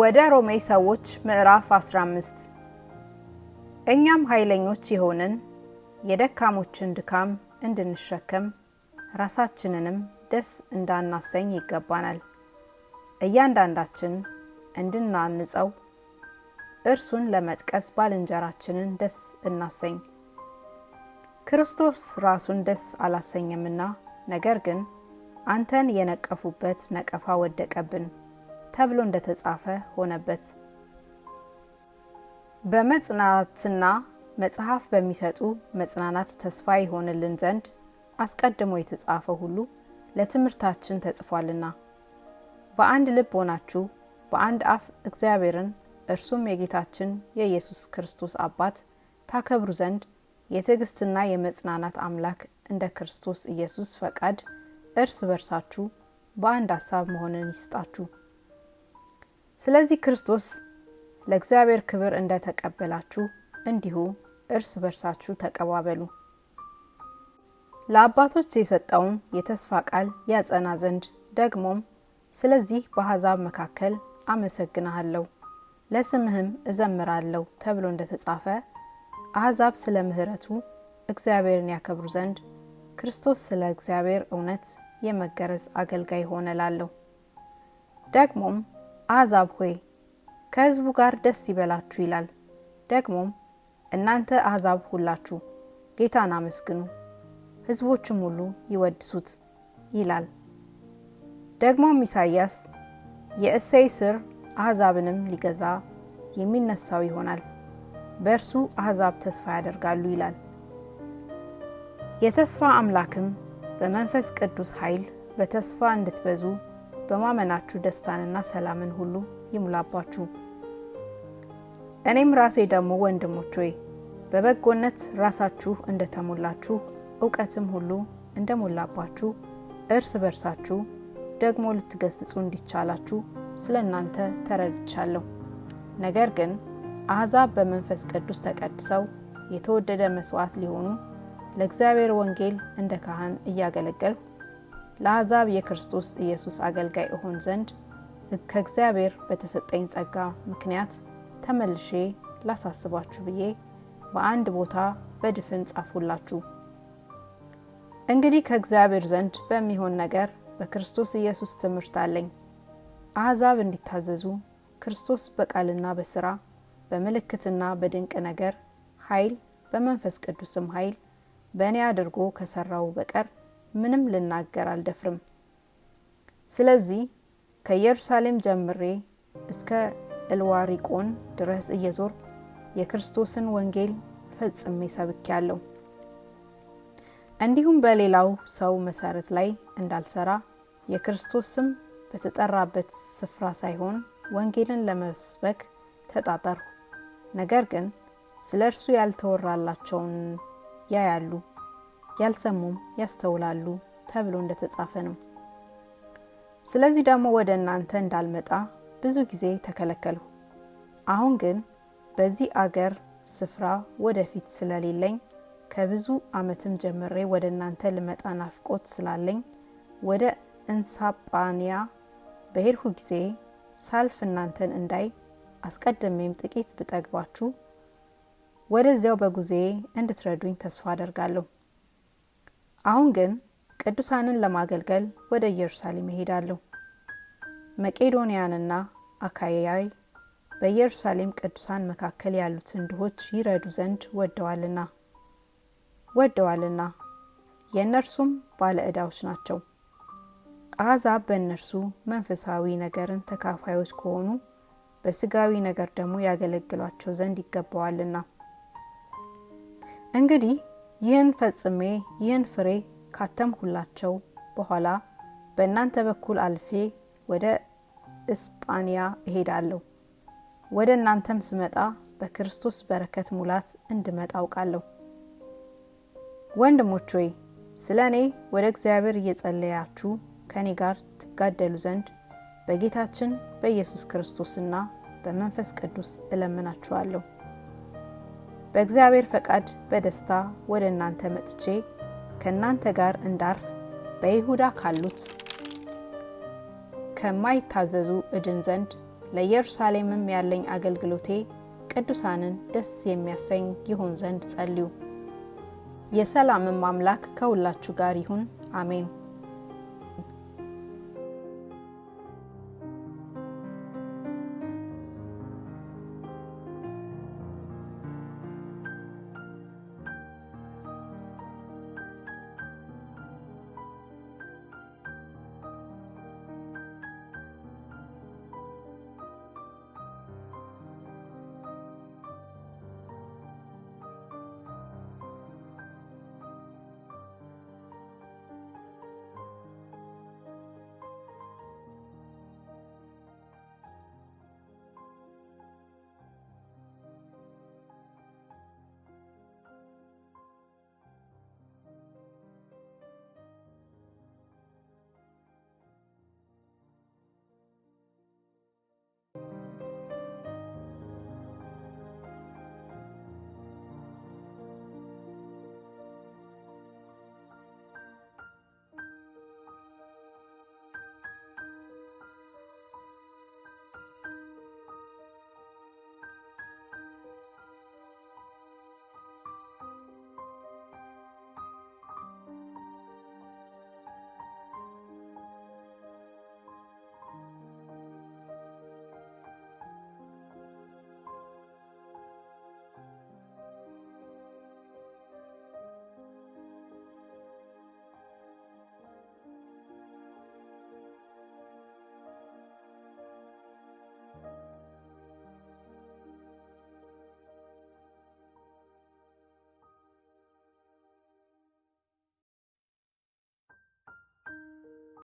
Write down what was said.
ወደ ሮሜ ሰዎች ምዕራፍ 15 እኛም ኃይለኞች የሆንን የደካሞችን ድካም እንድንሸከም ራሳችንንም ደስ እንዳናሰኝ ይገባናል። እያንዳንዳችን እንድናንጸው እርሱን ለመጥቀስ ባልንጀራችንን ደስ እናሰኝ። ክርስቶስ ራሱን ደስ አላሰኘምና፣ ነገር ግን አንተን የነቀፉበት ነቀፋ ወደቀብን ተብሎ እንደተጻፈ ሆነበት። በመጽናትና መጽሐፍ በሚሰጡ መጽናናት ተስፋ ይሆንልን ዘንድ አስቀድሞ የተጻፈ ሁሉ ለትምህርታችን ተጽፏልና በአንድ ልብ ሆናችሁ በአንድ አፍ እግዚአብሔርን እርሱም የጌታችን የኢየሱስ ክርስቶስ አባት ታከብሩ ዘንድ የትዕግስትና የመጽናናት አምላክ እንደ ክርስቶስ ኢየሱስ ፈቃድ እርስ በርሳችሁ በአንድ ሀሳብ መሆንን ይስጣችሁ። ስለዚህ ክርስቶስ ለእግዚአብሔር ክብር እንደተቀበላችሁ እንዲሁ እርስ በርሳችሁ ተቀባበሉ። ለአባቶች የሰጠውን የተስፋ ቃል ያጸና ዘንድ ደግሞም ስለዚህ በአሕዛብ መካከል አመሰግናሃለሁ ለስምህም እዘምራለሁ ተብሎ እንደተጻፈ አሕዛብ ስለ ምሕረቱ እግዚአብሔርን ያከብሩ ዘንድ ክርስቶስ ስለ እግዚአብሔር እውነት የመገረዝ አገልጋይ ሆነላለሁ። ደግሞም አሕዛብ ሆይ ከሕዝቡ ጋር ደስ ይበላችሁ ይላል። ደግሞም እናንተ አሕዛብ ሁላችሁ ጌታን አመስግኑ፣ ሕዝቦችም ሁሉ ይወድሱት ይላል። ደግሞም ኢሳይያስ የእሴይ ስር አሕዛብንም ሊገዛ የሚነሳው ይሆናል፣ በእርሱ አሕዛብ ተስፋ ያደርጋሉ ይላል። የተስፋ አምላክም በመንፈስ ቅዱስ ኃይል በተስፋ እንድትበዙ በማመናችሁ ደስታንና ሰላምን ሁሉ ይሙላባችሁ። እኔም ራሴ ደግሞ ወንድሞች ሆይ በበጎነት ራሳችሁ እንደተሞላችሁ እውቀትም ሁሉ እንደሞላባችሁ እርስ በርሳችሁ ደግሞ ልትገስጹ እንዲቻላችሁ ስለ እናንተ ተረድቻለሁ። ነገር ግን አሕዛብ በመንፈስ ቅዱስ ተቀድሰው የተወደደ መስዋዕት ሊሆኑ ለእግዚአብሔር ወንጌል እንደ ካህን እያገለገልሁ ለአሕዛብ የክርስቶስ ኢየሱስ አገልጋይ እሆን ዘንድ ከእግዚአብሔር በተሰጠኝ ጸጋ ምክንያት ተመልሼ ላሳስባችሁ ብዬ በአንድ ቦታ በድፍን ጻፉላችሁ። እንግዲህ ከእግዚአብሔር ዘንድ በሚሆን ነገር በክርስቶስ ኢየሱስ ትምህርት አለኝ። አሕዛብ እንዲታዘዙ ክርስቶስ በቃልና በሥራ በምልክትና በድንቅ ነገር ኃይል በመንፈስ ቅዱስም ኃይል በእኔ አድርጎ ከሠራው በቀር ምንም ልናገር አልደፍርም። ስለዚህ ከኢየሩሳሌም ጀምሬ እስከ እልዋሪቆን ድረስ እየዞር የክርስቶስን ወንጌል ፈጽሜ ሰብኬያለሁ። እንዲሁም በሌላው ሰው መሰረት ላይ እንዳልሰራ የክርስቶስ ስም በተጠራበት ስፍራ ሳይሆን ወንጌልን ለመስበክ ተጣጠርሁ። ነገር ግን ስለ እርሱ ያልተወራላቸውን ያያሉ ያልሰሙም ያስተውላሉ ተብሎ እንደተጻፈ ነው። ስለዚህ ደግሞ ወደ እናንተ እንዳልመጣ ብዙ ጊዜ ተከለከሉ። አሁን ግን በዚህ አገር ስፍራ ወደፊት ስለሌለኝ ከብዙ ዓመትም ጀምሬ ወደ እናንተ ልመጣ ናፍቆት ስላለኝ ወደ እንሳጳንያ በሄድሁ ጊዜ ሳልፍ እናንተን እንዳይ አስቀድሜም ጥቂት ብጠግባችሁ ወደዚያው በጉዜ እንድትረዱኝ ተስፋ አደርጋለሁ። አሁን ግን ቅዱሳንን ለማገልገል ወደ ኢየሩሳሌም ይሄዳሉ። መቄዶንያንና አካያይ በኢየሩሳሌም ቅዱሳን መካከል ያሉትን ድሆች ይረዱ ዘንድ ወደዋልና ወደዋልና የእነርሱም ባለ ዕዳዎች ናቸው። አሕዛብ በእነርሱ መንፈሳዊ ነገርን ተካፋዮች ከሆኑ በስጋዊ ነገር ደግሞ ያገለግሏቸው ዘንድ ይገባዋልና እንግዲህ ይህን ፈጽሜ ይህን ፍሬ ካተምሁላቸው በኋላ በእናንተ በኩል አልፌ ወደ እስጳንያ እሄዳለሁ። ወደ እናንተም ስመጣ በክርስቶስ በረከት ሙላት እንድመጣ አውቃለሁ። ወንድሞች ወይ ስለ እኔ ወደ እግዚአብሔር እየጸለያችሁ ከእኔ ጋር ትጋደሉ ዘንድ በጌታችን በኢየሱስ ክርስቶስና በመንፈስ ቅዱስ እለምናችኋለሁ። በእግዚአብሔር ፈቃድ በደስታ ወደ እናንተ መጥቼ ከእናንተ ጋር እንዳርፍ በይሁዳ ካሉት ከማይታዘዙ እድን ዘንድ ለኢየሩሳሌምም ያለኝ አገልግሎቴ ቅዱሳንን ደስ የሚያሰኝ ይሁን ዘንድ ጸልዩ። የሰላምም አምላክ ከሁላችሁ ጋር ይሁን። አሜን።